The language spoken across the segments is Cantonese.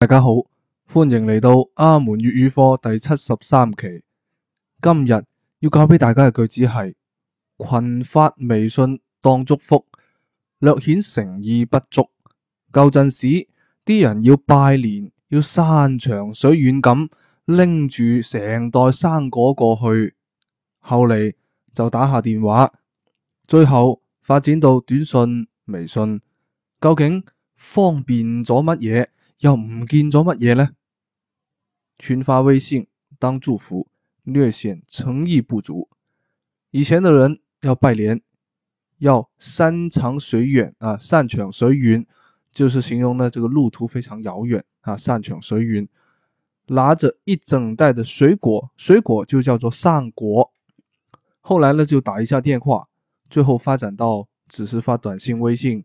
大家好，歡迎嚟到阿門粵語課第七十三期。今日要教俾大家嘅句子係：群發微信當祝福，略顯誠意不足。舊陣時啲人要拜年，要山長水遠咁拎住成袋生果過去，後嚟就打下電話，最後發展到短信、微信，究竟方便咗乜嘢？又唔見咗乜嘢呢？群發微信當祝福，略顯誠意不足。以前的人要拜年，要山長水遠啊，山長水遠，就是形容呢這個路途非常遙遠啊，山長水遠。拿着一整袋的水果，水果就叫做生果。後來呢，就打一下電話，最後發展到只是發短信、微信。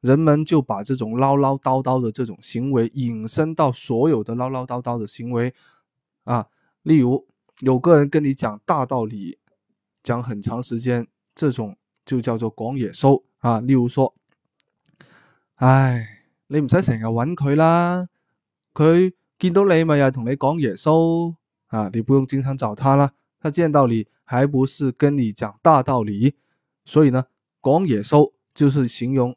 人們就把這種嘮嘮叨叨的這種行為引申到所有的嘮嘮叨叨的行為啊，例如有個人跟你講大道理，講很長時間，這種就叫做講耶穌啊。例如說，哎，你唔使成日搵佢啦，佢見到你咪又同你講耶穌啊，你不用經常找他啦，他見到你還不是跟你講大道理，所以呢，講耶穌就是形容。